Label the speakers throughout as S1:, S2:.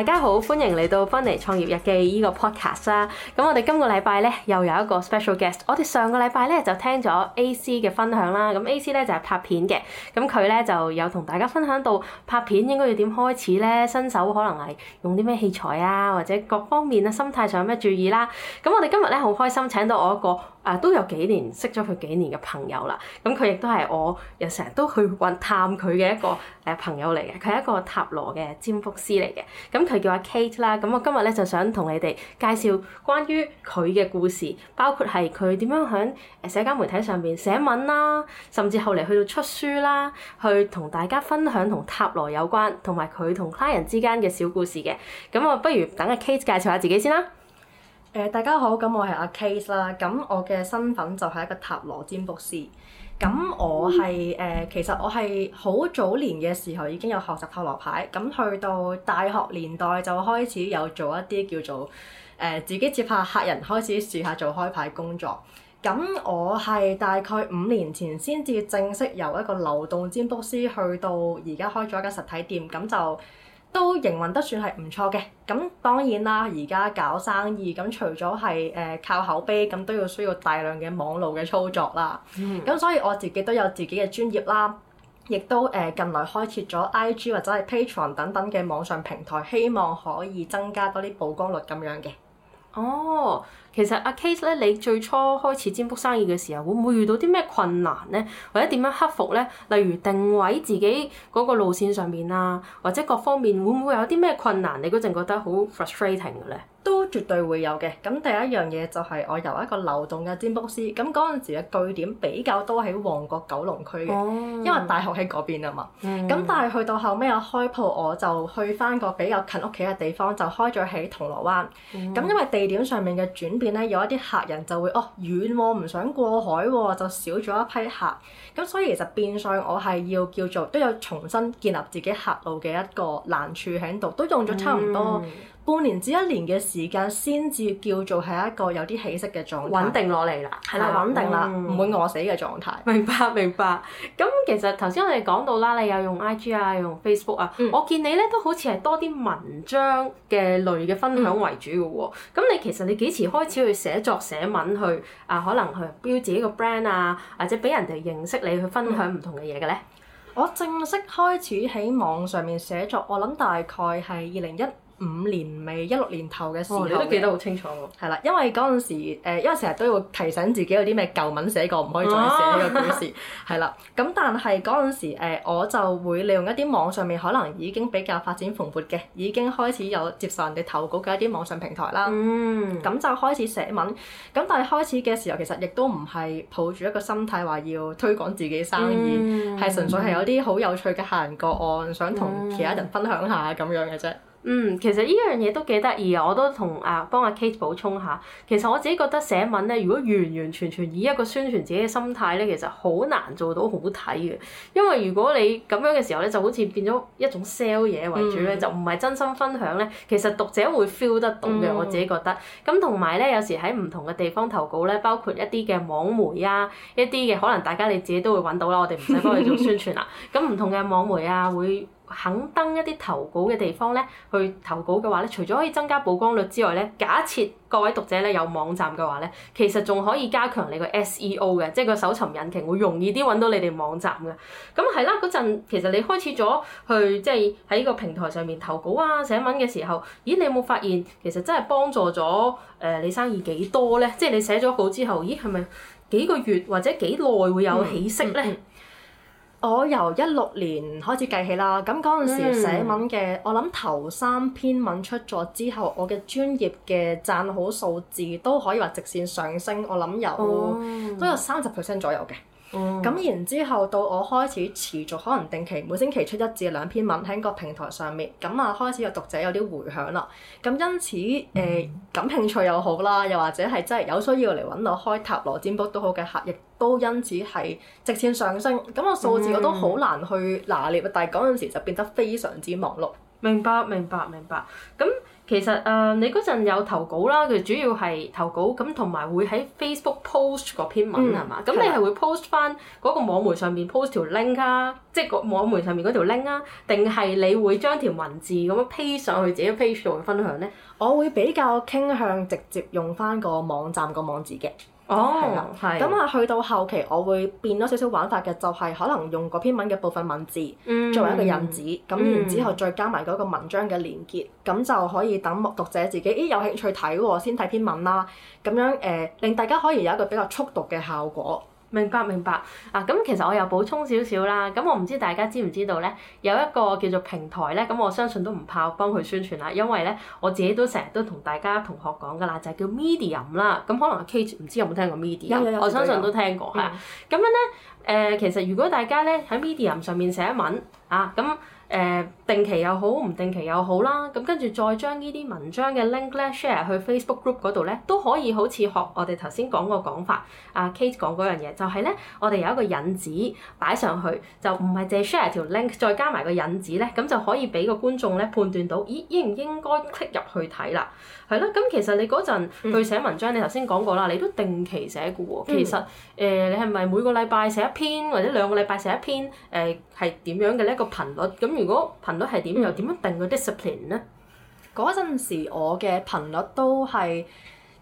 S1: 大家好，歡迎嚟到《芬尼創業日記》呢個 podcast 啦。咁我哋今個禮拜咧又有一個 special guest。我哋上個禮拜咧就聽咗 AC 嘅分享啦。咁 AC 咧就係、是、拍片嘅，咁佢咧就有同大家分享到拍片應該要點開始咧，新手可能係用啲咩器材啊，或者各方面嘅心態上有咩注意啦、啊。咁我哋今日咧好開心請到我一個誒、啊、都有幾年識咗佢幾年嘅朋友啦。咁佢亦都係我又成日都去探佢嘅一個誒朋友嚟嘅。佢係一個塔羅嘅占卜師嚟嘅。咁佢叫阿 Kate 啦，咁我今日咧就想同你哋介紹關於佢嘅故事，包括係佢點樣喺社交媒體上邊寫文啦，甚至後嚟去到出書啦，去同大家分享同塔羅有關，同埋佢同 client 之間嘅小故事嘅。咁我不如等阿 Kate 介紹下自己先啦。誒、呃，大家好，咁我係阿 Kate 啦，咁我嘅身份就係一個塔羅占卜師。咁我係誒、呃，其實我係好早年嘅時候已經有學習塔羅牌，咁去到大學年代就開始有做一啲叫做誒、呃、自己接下客人，開始試下做開牌工作。咁我係大概五年前先至正式由一個流動占卜師去到而家開咗一間實體店，咁就。都營運得算係唔錯嘅，咁當然啦。而家搞生意咁，除咗係誒靠口碑，咁都要需要大量嘅網絡嘅操作啦。咁、嗯、所以我自己都有自己嘅專業啦，亦都誒、呃、近來開設咗 IG 或者係 Patreon 等等嘅網上平台，希望可以增加多啲曝光率咁樣嘅。哦。其實阿 Kate 咧，你最初開始占卜生意嘅時候，會唔會遇到啲咩困難咧？或者點樣克服咧？例如定位自己嗰個路線上面啊，或者各方面會唔會有啲咩困難？你嗰陣覺得好 frustrating 嘅咧？都絕對會有嘅。咁第一樣嘢就係我由一個流動嘅占卜師，咁嗰陣時嘅據點比較多喺旺角九龍區嘅，哦、因為大學喺嗰邊啊嘛。咁、嗯、但係去到後尾我開鋪，我就去翻個比較近屋企嘅地方，就開咗喺銅鑼灣。咁、嗯、因為地點上面嘅轉變咧，有一啲客人就會哦遠喎、啊，唔想過海喎、啊，就少咗一批客。咁所以其實變相我係要叫做都有重新建立自己客路嘅一個難處喺度，都用咗差唔多、嗯。半年至一年嘅時間，先至叫做係一個有啲起色嘅狀態，穩定落嚟啦，係啦的，穩定啦，唔會、嗯、餓死嘅狀態。明白明白。咁其實頭先我哋講到啦，你有用 IG 啊，用 Facebook 啊，嗯、我見你咧都好似係多啲文章嘅類嘅分享為主嘅喎。咁、嗯、你其實你幾時開始去寫作寫文去啊？可能去標自己個 brand 啊，或者俾人哋認識你去分享唔同嘅嘢嘅咧？我正式開始喺網上面寫作，我諗大概係二零一五年尾一六年頭嘅事、哦，你都記得好清楚、哦、時候，係、呃、啦，因為嗰陣時，因為成日都要提醒自己有啲咩舊文寫過，唔可以再寫呢個故事，係啦、啊。咁 但係嗰陣時、呃，我就會利用一啲網上面可能已經比較發展蓬勃嘅，已經開始有接受人哋投稿嘅一啲網上平台啦。咁、嗯、就開始寫文。咁但係開始嘅時候，其實亦都唔係抱住一個心態話要推廣自己生意，係、嗯、純粹係有啲好有趣嘅客人個案，嗯、想同其他人分享下咁樣嘅啫。嗯，其實依樣嘢都幾得意啊！我都同啊幫阿 Kate 補充下，其實我自己覺得寫文咧，如果完完全全以一個宣傳自己嘅心態咧，其實好難做到好睇嘅。因為如果你咁樣嘅時候咧，就好似變咗一種 sell 嘢為主咧，嗯、就唔係真心分享咧。其實讀者會 feel 得到嘅，嗯、我自己覺得。咁同埋咧，有時喺唔同嘅地方投稿咧，包括一啲嘅網媒啊，一啲嘅可能大家你自己都會揾到啦。我哋唔使幫你做宣傳啦。咁唔 同嘅網媒啊，會肯登一啲投稿嘅地方咧，去投稿嘅話咧，除咗可以增加曝光率之外咧，假設各位讀者咧有網站嘅話咧，其實仲可以加強你個 SEO 嘅，即係個搜尋引擎會容易啲揾到你哋網站嘅。咁係啦，嗰陣其實你開始咗去即係喺個平台上面投稿啊、寫文嘅時候，咦你有冇發現其實真係幫助咗誒、呃、你生意幾多咧？即係你寫咗稿之後咦係咪幾個月或者幾耐會有起色咧？嗯嗯我由一六年開始計起啦，咁嗰陣時寫文嘅。嗯、我諗頭三篇文出咗之後，我嘅專業嘅讚好數字都可以話直線上升，我諗有、哦、都有三十 percent 左右嘅。咁、嗯、然之後到我開始持續可能定期每星期出一至兩篇文喺個平台上面，咁啊開始有讀者，有啲迴響啦。咁因此誒、嗯呃、感興趣又好啦，又或者係真係有需要嚟揾我開塔羅占卜都好嘅客，亦都因此係直線上升。咁個數字我都好難去拿捏，嗯、但係嗰陣時就變得非常之忙碌。明白，明白，明白。咁其實誒、呃，你嗰陣有投稿啦，佢主要係投稿，咁同埋會喺 Facebook post 嗰篇文係嘛？咁、嗯、吧你係會 post 翻嗰個網媒上面 post 條 link 啊，即係個網媒上面嗰條 link 啊，定係你會將條文字咁樣 p 上去自己嘅 Facebook 上，上分享咧？我會比較傾向直接用翻個網站個網址嘅。哦，係啦，係。咁啊，去到後期我會變咗少少玩法嘅，就係、是、可能用嗰篇文嘅部分文字、嗯、作為一個引子，咁、嗯、然之後再加埋嗰個文章嘅連結，咁、嗯、就可以等目讀者自己，咦，有興趣睇喎、哦，先睇篇文啦。咁樣誒、呃，令大家可以有一個比較速讀嘅效果。明白明白，啊咁其實我又補充少少啦，咁我唔知大家知唔知道咧，有一個叫做平台咧，咁、嗯、我相信都唔怕幫佢宣傳啦，因為咧我自己都成日都同大家同學講噶啦，就係、是、叫 Medium 啦、啊，咁可能 Kate 唔知有冇聽過 Medium，我相信都聽過嚇，咁樣咧，誒、嗯嗯嗯嗯、其實如果大家咧喺 Medium 上面寫一文啊咁。嗯嗯誒、呃、定期又好，唔定期又好啦，咁跟住再將呢啲文章嘅 link 咧 share 去 Facebook group 嗰度咧，都可以好似學我哋頭先講個講法，啊 Kate 講嗰樣嘢，就係、是、咧我哋有一個引子擺上去，就唔係淨 share 條 link，再加埋個引子咧，咁就可以俾個觀眾咧判斷到，咦應唔應該 click 入去睇啦？係咯，咁其實你嗰陣去寫文章，你頭先講過啦，你都定期寫嘅、哦、其實誒、呃、你係咪每個禮拜寫一篇，或者兩個禮拜寫一篇誒？呃係點樣嘅呢一、這個頻率？咁如果頻率係點，又點、嗯、樣定個 discipline 咧？嗰陣時我嘅頻率都係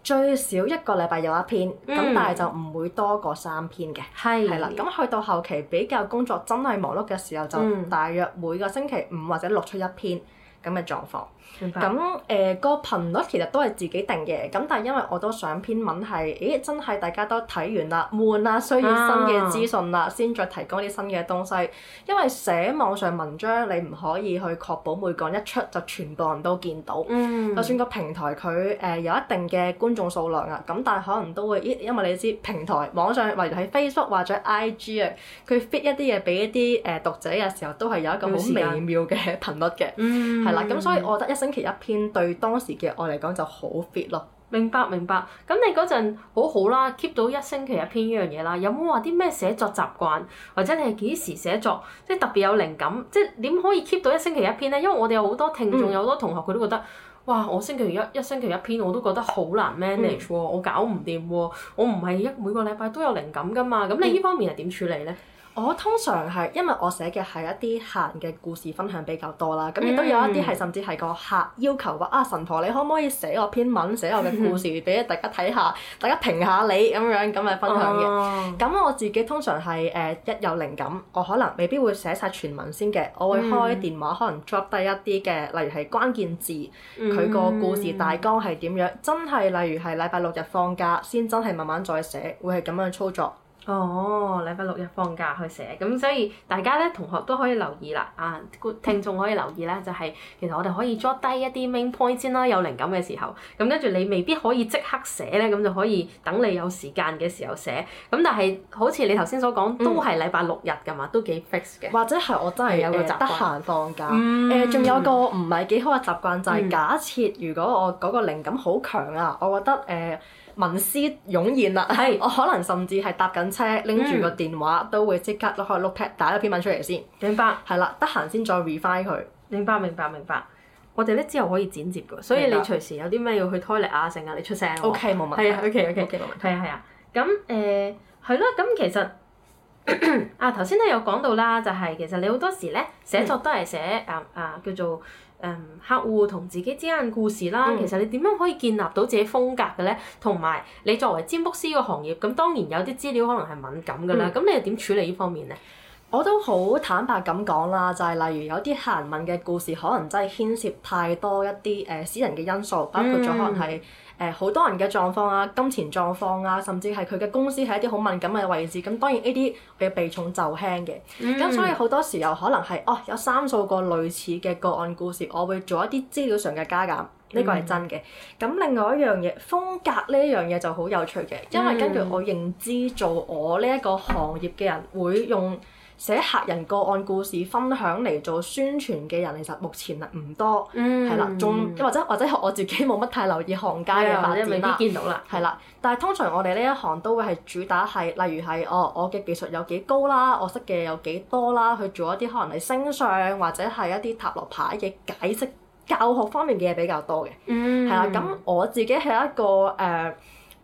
S1: 最少一個禮拜有一篇，咁、嗯、但係就唔會多過三篇嘅。係是。係啦，咁去到後期比較工作真係忙碌嘅時候，就大約每個星期五或者六出一篇咁嘅狀況。咁誒個頻率其實都係自己定嘅，咁但係因為我都上篇文係，誒，真係大家都睇完啦，悶啦，需要新嘅資訊啦，啊、先再提供啲新嘅東西。因為寫網上文章你唔可以去確保每講一出就全部人都見到，嗯、就算個平台佢誒、呃、有一定嘅觀眾數量啊，咁但係可能都會，因為你知平台網上例如喺 Facebook 或者 IG 啊，佢 fit 一啲嘢俾一啲誒、呃、讀者嘅時候，都係有一個好微妙嘅頻率嘅，係啦、嗯，咁所以我覺得一星期一篇對當時嘅我嚟講就好 fit 咯，明白明白。咁你嗰陣好好啦，keep 到一星期一篇呢樣嘢啦。有冇話啲咩寫作習慣，或者你係幾時寫作，即係特別有靈感，即係點可以 keep 到一星期一篇咧？因為我哋有好多聽眾，有好多同學佢都覺得，嗯、哇！我星期一、一星期一篇我都覺得好難 manage，嗯、我搞唔掂、啊，我唔係一每個禮拜都有靈感㗎嘛。咁你呢方面係點處理咧？嗯我通常係因為我寫嘅係一啲閒嘅故事分享比較多啦，咁亦都有一啲係、mm. 甚至係個客要求話，啊神婆你可唔可以寫我篇文，寫我嘅故事俾大家睇下，mm. 大家評下你咁樣咁嘅分享嘅。咁、oh. 我自己通常係誒、呃、一有靈感，我可能未必會寫晒全文先嘅，我會開電話、mm. 可能 drop 低一啲嘅，例如係關鍵字，佢個、mm. 故事大綱係點樣，真係例如係禮拜六日放假先真係慢慢再寫，會係咁樣操作。哦，oh, 禮拜六日放假去寫，咁所以大家咧同學都可以留意啦，啊，個聽眾可以留意咧，就係其實我哋可以捉低一啲 main point 先啦，有靈感嘅時候，咁跟住你未必可以即刻寫咧，咁就可以等你有時間嘅時候寫。咁但係好似你頭先所講，都係禮拜六日㗎嘛，都幾 fixed 嘅。或者係我真係有個習慣。嗯嗯嗯嗯、得閒放假。誒、嗯，仲、嗯嗯、有個唔係幾好嘅習慣就係、是、假設如果我嗰個靈感好強啊，我覺得誒。呃文思湧現啦，係我可能甚至係搭緊車拎住個電話，都會即刻攞開 notepad 打一篇文出嚟先。明白，係啦，得閒先再 refine 佢。明白，明白，明白。我哋咧之後可以剪接嘅，所以你隨時有啲咩要去 toilet 啊，剩啊，你出聲。O K，冇問題。啊，O K O K O K，係啊係啊。咁誒係啦，咁其實啊頭先咧有講到啦，就係其實你好多時咧寫作都係寫啊啊叫做。Um, 客戶同自己之間故事啦，嗯、其實你點樣可以建立到自己風格嘅咧？同埋、嗯、你作為占卜師個行業，咁當然有啲資料可能係敏感㗎啦。咁、嗯、你又點處理呢方面咧？我都好坦白咁講啦，就係、是、例如有啲客人問嘅故事，可能真係牽涉太多一啲誒、呃、私人嘅因素，包括咗可能係、嗯。誒好多人嘅狀況啊，金錢狀況啊，甚至係佢嘅公司係一啲好敏感嘅位置，咁當然呢啲嘅避重就輕嘅，咁、嗯、所以好多時候可能係哦有三數個類似嘅個案故事，我會做一啲資料上嘅加減，呢、嗯、個係真嘅。咁另外一樣嘢風格呢一樣嘢就好有趣嘅，因為根據我認知做我呢一個行業嘅人會用，寫客人個案故事分享嚟做宣傳嘅人，其實目前唔多，係啦、嗯，仲或者或者我自己冇乜太，太留意行家嘅發展啦。嗯、你見到啦，但係通常我哋呢一行都會係主打係，例如係哦，我嘅技術有幾高啦，我識嘅嘢有幾多啦，去做一啲可能係星相或者係一啲塔羅牌嘅解釋教學方面嘅嘢比較多嘅。係啦、嗯，咁我自己係一個誒。呃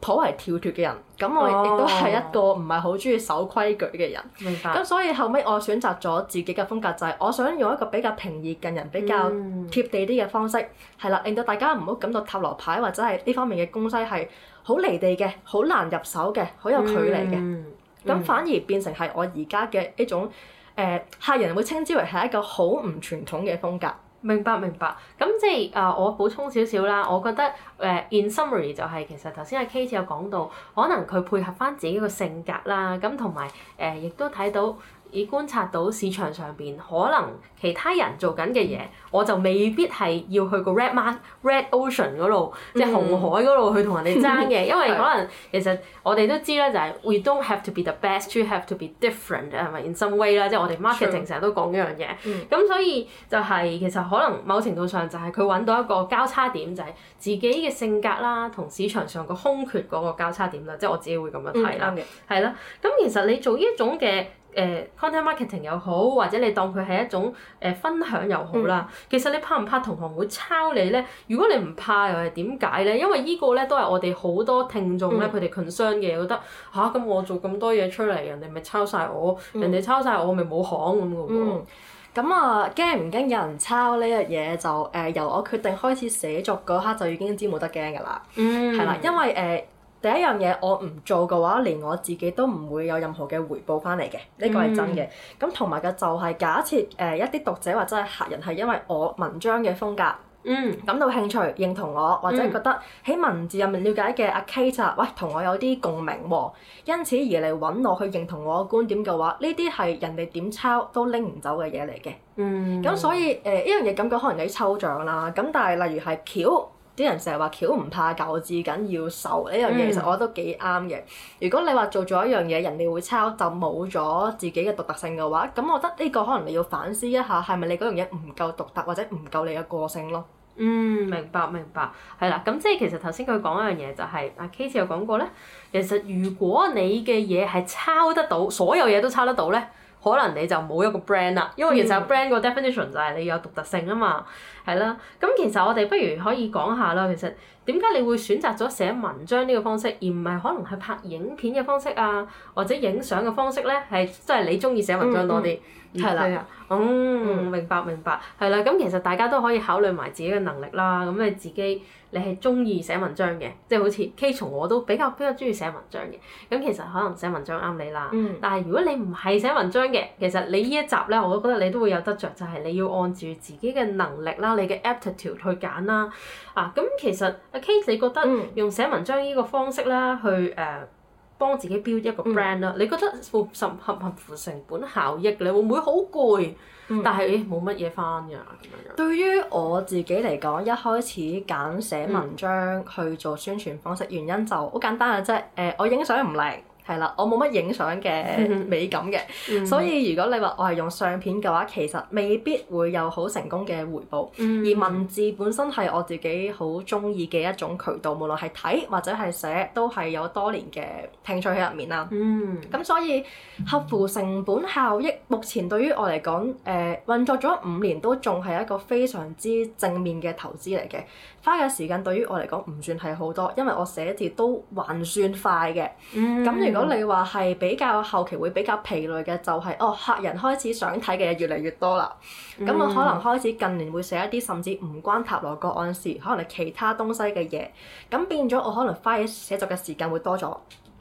S1: 可謂跳脫嘅人，咁我亦都係一個唔係好中意守規矩嘅人。明白。咁所以後尾我選擇咗自己嘅風格，就係、是、我想用一個比較平易近人、比較貼地啲嘅方式，係啦、嗯，令到大家唔好感到塔羅牌或者係呢方面嘅東西係好離地嘅、好難入手嘅、好有距離嘅。咁、嗯、反而變成係我而家嘅一種，誒、呃、客人會稱之為係一個好唔傳統嘅風格。明白明白，咁即係啊、呃，我補充少少啦。我覺得誒、呃、in summary 就係、是、其實頭先阿 Kate 有講到，可能佢配合返自己個性格啦，咁同埋誒，亦都睇到。只觀察到市場上邊可能其他人做緊嘅嘢，嗯、我就未必係要去個 red mark red ocean 嗰度，嗯、即係紅海嗰度去同人哋爭嘅。 因為可能其實我哋都知啦，就係 we don't have to be the best, you have to be different，係咪？In some way 啦，即係我哋 marketing 成日都講一樣嘢。咁、嗯、所以就係其實可能某程度上就係佢揾到一個交叉點，就係、是、自己嘅性格啦，同市場上個空缺嗰個交叉點啦。即係我自己會咁樣睇啦。係啦、嗯，咁其實你做呢一種嘅。誒 content marketing 又好，或者你當佢係一種誒、呃、分享又好啦。嗯、其實你怕唔怕同行會抄你咧？如果你唔怕，又係點解咧？因為個呢個咧都係我哋好多聽眾咧，佢哋、嗯、concern 嘅，覺得吓，咁、啊、我做咁多嘢出嚟，人哋咪抄晒我，嗯、人哋抄晒我咪冇行咁嘅喎。咁啊驚唔驚有人抄呢樣嘢？就、呃、誒由我決定開始寫作嗰刻，就已經知冇得驚㗎啦。係、嗯嗯、啦，因為誒。呃呃第一樣嘢，我唔做嘅話，連我自己都唔會有任何嘅回報翻嚟嘅，呢個係真嘅。咁同埋嘅就係假設誒、呃、一啲讀者或者係客人係因為我文章嘅風格，嗯，感到興趣、認同我、mm. 或者覺得喺文字入面了解嘅阿、啊、Kate、啊、喂，同我有啲共鳴喎、啊，因此而嚟揾我去認同我嘅觀點嘅話，呢啲係人哋點抄都拎唔走嘅嘢嚟嘅。Mm. 嗯，咁所以誒呢樣嘢感覺可能幾抽象啦。咁但係例如係橋。啲人成日話橋唔怕舊，至緊要受呢樣嘢，嗯、其實我覺得都幾啱嘅。如果你話做咗一樣嘢，人哋會抄就冇咗自己嘅獨特性嘅話，咁我覺得呢個可能你要反思一下，係咪你嗰樣嘢唔夠獨特或者唔夠你嘅個性咯？嗯，明白明白，係啦。咁即係其實頭先佢講一樣嘢就係、是、阿、啊、Kate 有講過咧，其實如果你嘅嘢係抄得到，所有嘢都抄得到咧。可能你就冇一個 brand 啦，因為其實 brand 個 definition 就係你有獨特性啊嘛，係啦。咁其實我哋不如可以講下啦，其實點解你會選擇咗寫文章呢個方式，而唔係可能係拍影片嘅方式啊，或者影相嘅方式咧，係真係你中意寫文章多啲？係啦、嗯，嗯，係啊，嗯，明白明白，係啦。咁其實大家都可以考慮埋自己嘅能力啦，咁你自己。你係中意寫文章嘅，即係好似 Kate 同我都比較比較中意寫文章嘅。咁其實可能寫文章啱你啦。嗯。但係如果你唔係寫文章嘅，其實你呢一集咧，我都覺得你都會有得着，就係、是、你要按住自己嘅能力啦，你嘅 aptitude 去揀啦。啊，咁其實阿 Kate，你覺得用寫文章呢個方式啦，嗯、去誒？Uh, 幫自己標一個 brand 啦，嗯、你覺得合唔合乎成本效益，你會唔會好攰？嗯、但係冇乜嘢翻㗎咁樣。對於我自己嚟講，一開始揀寫文章去做宣傳方式，嗯、原因就好簡單嘅啫。誒、呃，我影相唔靚。係啦，我冇乜影相嘅美感嘅， 嗯、所以如果你話我係用相片嘅話，其實未必會有好成功嘅回報。嗯、而文字本身係我自己好中意嘅一種渠道，嗯、無論係睇或者係寫，都係有多年嘅興趣喺入面啦。咁、嗯、所以合乎成本效益，嗯、目前對於我嚟講，誒、呃、運作咗五年都仲係一個非常之正面嘅投資嚟嘅。花嘅時間對於我嚟講唔算係好多，因為我寫字都還算快嘅。咁、嗯如果你話係比較後期會比較疲累嘅、就係，就係哦，客人開始想睇嘅嘢越嚟越多啦。
S2: 咁我、嗯、可能
S1: 開始近年會寫一啲甚至唔關塔羅個案事，可能係其他東西嘅嘢。咁變咗我可能花嘅寫作嘅時間會多咗。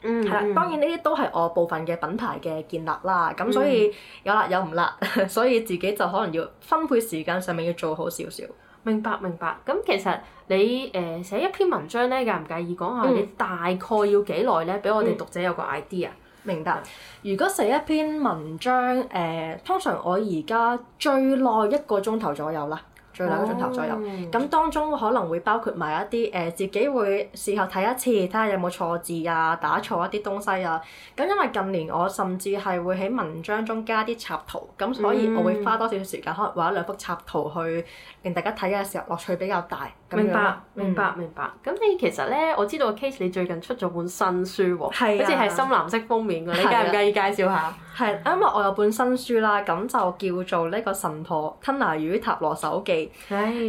S1: 係啦、嗯，當然呢啲都係我部分嘅品牌嘅建立啦。咁所以有辣有唔辣，嗯、 所以自己就可能要分配時間上面要做好少少。明白明白，咁其實你誒、呃、寫一篇文章咧，介唔介意講下你大概要幾耐咧，俾我哋讀者有個 idea、嗯、明白。如果寫一篇文章誒、呃，通常我而家最耐一個鐘頭左右啦。最兩個鐘頭左右，咁、oh. 當中可能會包括埋一啲誒、呃、自己會事後睇一次，睇下有冇錯字啊，打錯一啲東西啊。咁因為近年我甚至係會喺文章中加啲插圖，咁所以我會花多少少時間，可能畫一兩幅插圖去令大家睇嘅時候樂趣比較大。明白，明白，明白。咁你其實咧，我知道 Kate 你最近出咗本新書喎，好似係深藍色封面嘅，你介唔介意介紹下？係，因為我有本新書啦，咁就叫做呢個《神婆吞拿魚塔羅手記》，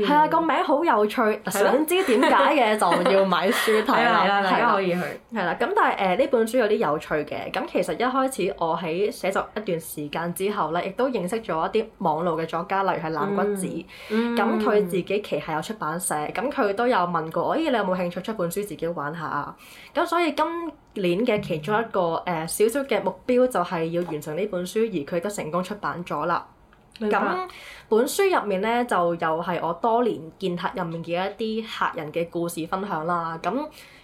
S1: 係啊，個名好有趣，想知點解嘅就要買書睇下啦，係可以去。係啦，咁但係誒呢本書有啲有趣嘅，咁其實一開始我喺寫作一段時間之後咧，亦都認識咗一啲網絡嘅作家，例如係藍骨子，咁佢自己旗下有出版社。咁佢都有問過我，咦、哎、你有冇興趣出本書自己玩下啊？咁所以今年嘅其中一個誒少少嘅目標就係要完成呢本書，而佢都成功出版咗啦。咁白本書入面咧就又係我多年見客入面嘅一啲客人嘅故事分享啦。咁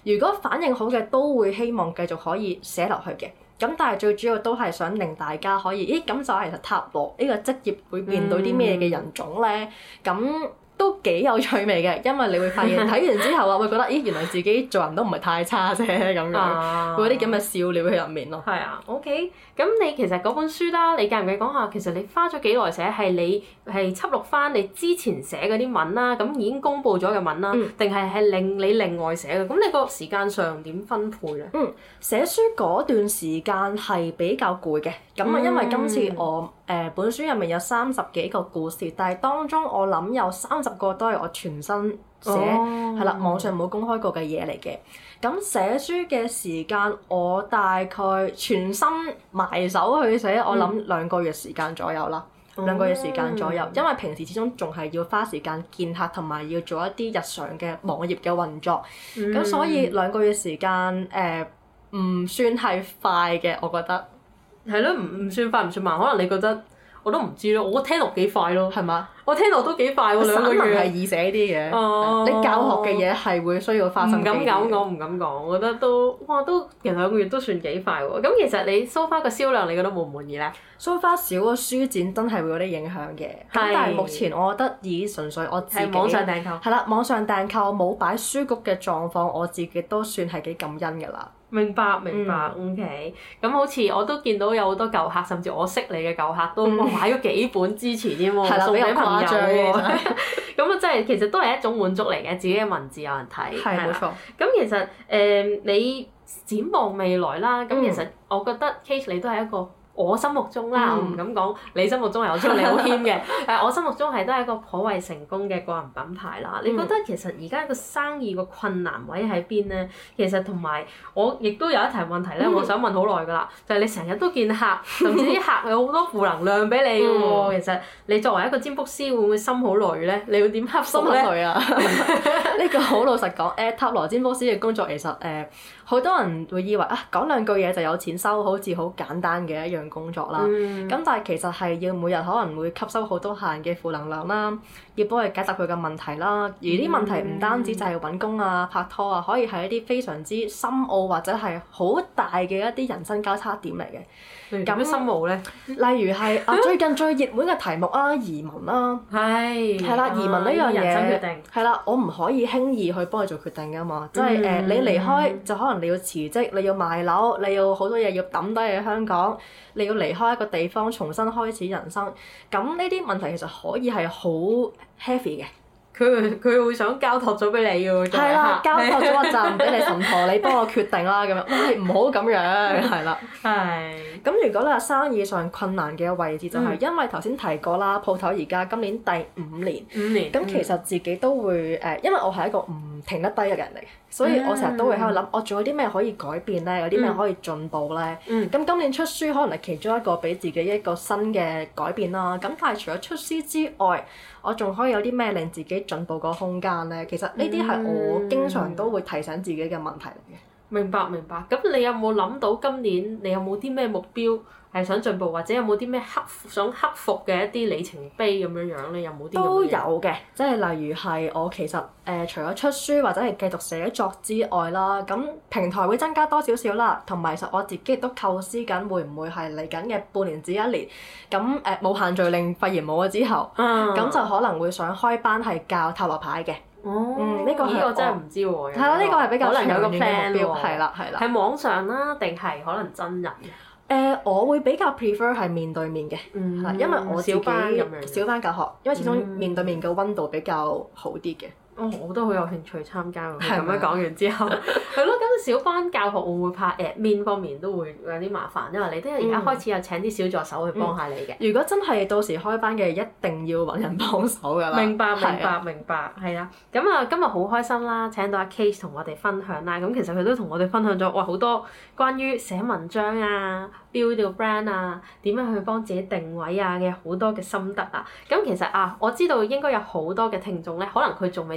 S1: 如果反應好嘅都會希望繼續可以寫落去嘅。咁但係最主要都係想令大家可以，咦咁就其實塔羅呢、這個職業會見到啲咩嘅人種咧？咁、嗯。嗯都幾有趣味嘅，因為你會發現睇 完之後啊，會覺得咦，原來自己做人都唔係太差啫咁樣，嗰啲咁嘅笑料喺入面咯。係啊，OK，咁你其實嗰本書啦，你介唔介講下，其實你花咗幾耐寫？係你係輯錄翻你之前寫嗰啲文啦，咁已經公佈咗嘅文啦，定係係另你另外寫嘅？咁你個時間上點分配咧？嗯，寫書嗰段時間係比較攰嘅，咁啊，因為今次我。嗯誒，本書入面有三十幾個故事，但係當中我諗有三十個都係我全新寫，係啦、哦，網上冇公開過嘅嘢嚟嘅。咁寫書嘅時間，我大概全心埋手去寫，嗯、我諗兩個月時間左右啦，嗯、兩個月時間左右。嗯、因為平時始終仲係要花時間見客，同埋要做一啲日常嘅網頁嘅運作，
S2: 咁、嗯、所以兩
S1: 個月時間誒，呃、唔算係快嘅，我覺得。係咯，唔唔算快唔算慢，可能你覺得我都唔知咯，我聽落幾快咯，係嘛吧？我聽落都幾快喎。啊、兩個月係易寫啲嘅，啊、你教學嘅嘢係會需要花生。機。唔，我唔敢講，覺得都哇都其實兩個月都算幾快喎。咁其實你蘇花個銷量你覺得滿唔滿意咧？蘇花少個書展真係會有啲影響嘅。咁是但係目前我覺得已純粹我自己網上訂購。係啦，網上訂購冇擺書局嘅狀況，我自己都算係幾感恩㗎啦。明白明白，嗯、OK。咁好似我都見到有好多舊客，甚至我識你嘅舊客都、嗯、買咗幾本支持啲、啊、喎， 的送俾朋友喎。咁啊， 真係其實都係一種滿足嚟嘅，自己嘅文字有人睇。係冇的的錯。咁其實誒、呃，你展望未來啦，咁其實我覺得 Kate 你都係一個。我心目中啦，嗯、我唔敢講你心目中係有出嚟好謙嘅，誒 我心目中係都係一個頗為成功嘅個人品牌啦。嗯、你覺得其實而家個生意個困難位喺邊咧？其實同埋我亦都有一題問題咧，嗯、我想問好耐㗎啦，就係、是、你成日都見客，甚至啲客有好多負能量俾你喎。 其實你作為一個占卜師，會唔會心好累咧？你要點吸心咧？熟呢個好老實講，塔羅占卜師嘅工作其實誒，好、uh，多人會以為、uh，啊，講兩句嘢就有錢收，好似好簡單嘅一樣。工作啦，咁、嗯、但係其實係要每日可能會吸收好多客人嘅負能量啦，要幫佢解答佢嘅問題啦。而啲問題唔單止就係揾工啊、拍拖啊，可以係一啲非常之深奧或者係好大嘅一啲人生交叉點嚟嘅。咁深奧咧， 例如係啊，最近最熱門嘅題目啊，移民啦、啊，係係 啦，移民呢樣嘢決定係啦，我唔可以輕易去幫佢做決定嘅嘛。即係誒，你離開就可能你要辭職，你要賣樓，你要好多嘢要抌低喺香港。你要離開一個地方，重新開始人生，咁呢啲問題其實可以係好 heavy 嘅。佢佢會想交托咗俾你嘅， 交託咗就唔俾你神婆，你幫我決定啦咁樣。喂、哎，唔好咁樣，係啦 的。係、嗯。咁如果你話生意上困難嘅位置、就是，就係、嗯、因為頭先提過啦，鋪頭而家今年第五年。五年。咁、嗯、其實自己都會誒、呃，因為我係一個唔停得低嘅人嚟，所以我成日都會喺度諗，嗯、我仲有啲咩可以改變咧？有啲咩可以進步咧？咁、嗯嗯、今年出書可能係其中一個俾自己一個新嘅改變啦。咁但係除咗出書之外。我仲可以有啲咩令自己進步個空間咧？其實呢啲係我經常都會提醒自己嘅問題嚟嘅。嗯明白明白，咁你有冇諗到今年你有冇啲咩目標係想進步，或者有冇啲咩克想克服嘅一啲里程碑咁樣樣咧？你有冇啲都有嘅，即係例如係我其實誒、呃、除咗出書或者係繼續寫作之外啦，咁平台會增加多少少啦，同埋其實我自己亦都構思緊會唔會係嚟緊嘅半年至一年咁誒、呃、冇限聚令發現冇咗之後，咁、嗯、就可能會想開班係教塔羅牌嘅。哦，呢個、呢個我真係唔知喎，係咯，呢個係比較難有個 friend 喎，係啦係啦，係、啊啊、網上啦定係可能真人嘅？誒、呃，我會比較 prefer 係面對面嘅，嗯、因為我自己少翻教學，因為始終面對面嘅溫度比較好啲嘅。嗯哦，我都好有興趣參加喎。係咁嗎樣講完之後，係咯， 咁小班教學會唔會怕 admin 方面都會有啲麻煩？因為你都而家開始有請啲小助手去幫下你嘅、嗯嗯。如果真係到時開班嘅，一定要揾人幫手㗎啦。明白，明白，的明白。係啊，咁啊，今日好開心啦！請到阿 Kate 同我哋分享啦。咁其實佢都同我哋分享咗哇好多關於寫文章啊、build your brand 啊、點樣去幫自己定位啊嘅好多嘅心得啊。咁其實啊，我知道應該有好多嘅聽眾咧，可能佢仲未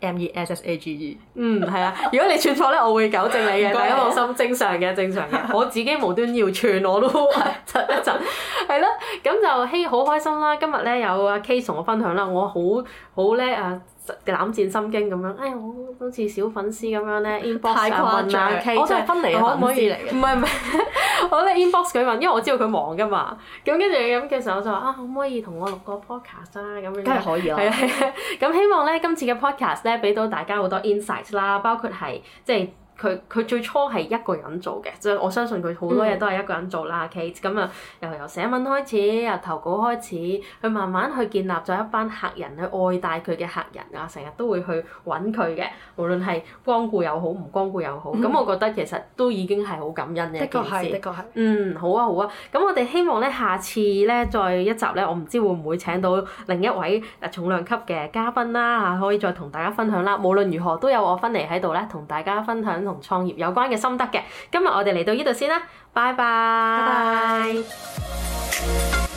S1: M E S S A G E S A G E。嗯，係啊，如果你串錯咧，我會糾正你嘅， 大家放心，正常嘅，正常嘅， 我自己無端要串我都窒一窒，係 咯， 咁就希好、hey, 開心啦，今日咧有阿 Kate 同我分享啦，我好好叻啊！膽戰心驚咁樣，誒、哎、我好似小粉絲咁樣咧 inbox 佢問啊 okay，我真係分離可唔可以嚟嘅，唔係唔係， 我咧 inbox 佢問，因為我知道佢忙噶嘛，咁跟住咁嘅時候我就話啊可唔可以同我錄個 podcast 啦、啊？咁然樣都係可以啦，係啊，啊。 咁 希望咧今次嘅 podcast 咧俾到大家好多 insight 啦，包括係即係。佢佢最初係一個人做嘅，所以我相信佢好多嘢都係一個人做啦、嗯啊。Kate 咁啊，由由寫文開始，由投稿開始，佢慢慢去建立咗一班客人，去愛戴佢嘅客人啊，成日都會去揾佢嘅，無論係光顧又好，唔光顧又好。咁、嗯、我覺得其實都已經係好感恩嘅一件事。的確係，的確係。嗯，好啊，好啊。咁、啊、我哋希望咧，下次咧，再一集咧，我唔知會唔會請到另一位啊重量級嘅嘉賓啦，嚇可以再同大家分享啦。無論如何，都有我芬妮喺度咧，同大家分享。同創業有關嘅心得嘅，今日我哋嚟到呢度先啦，拜拜拜拜。Bye bye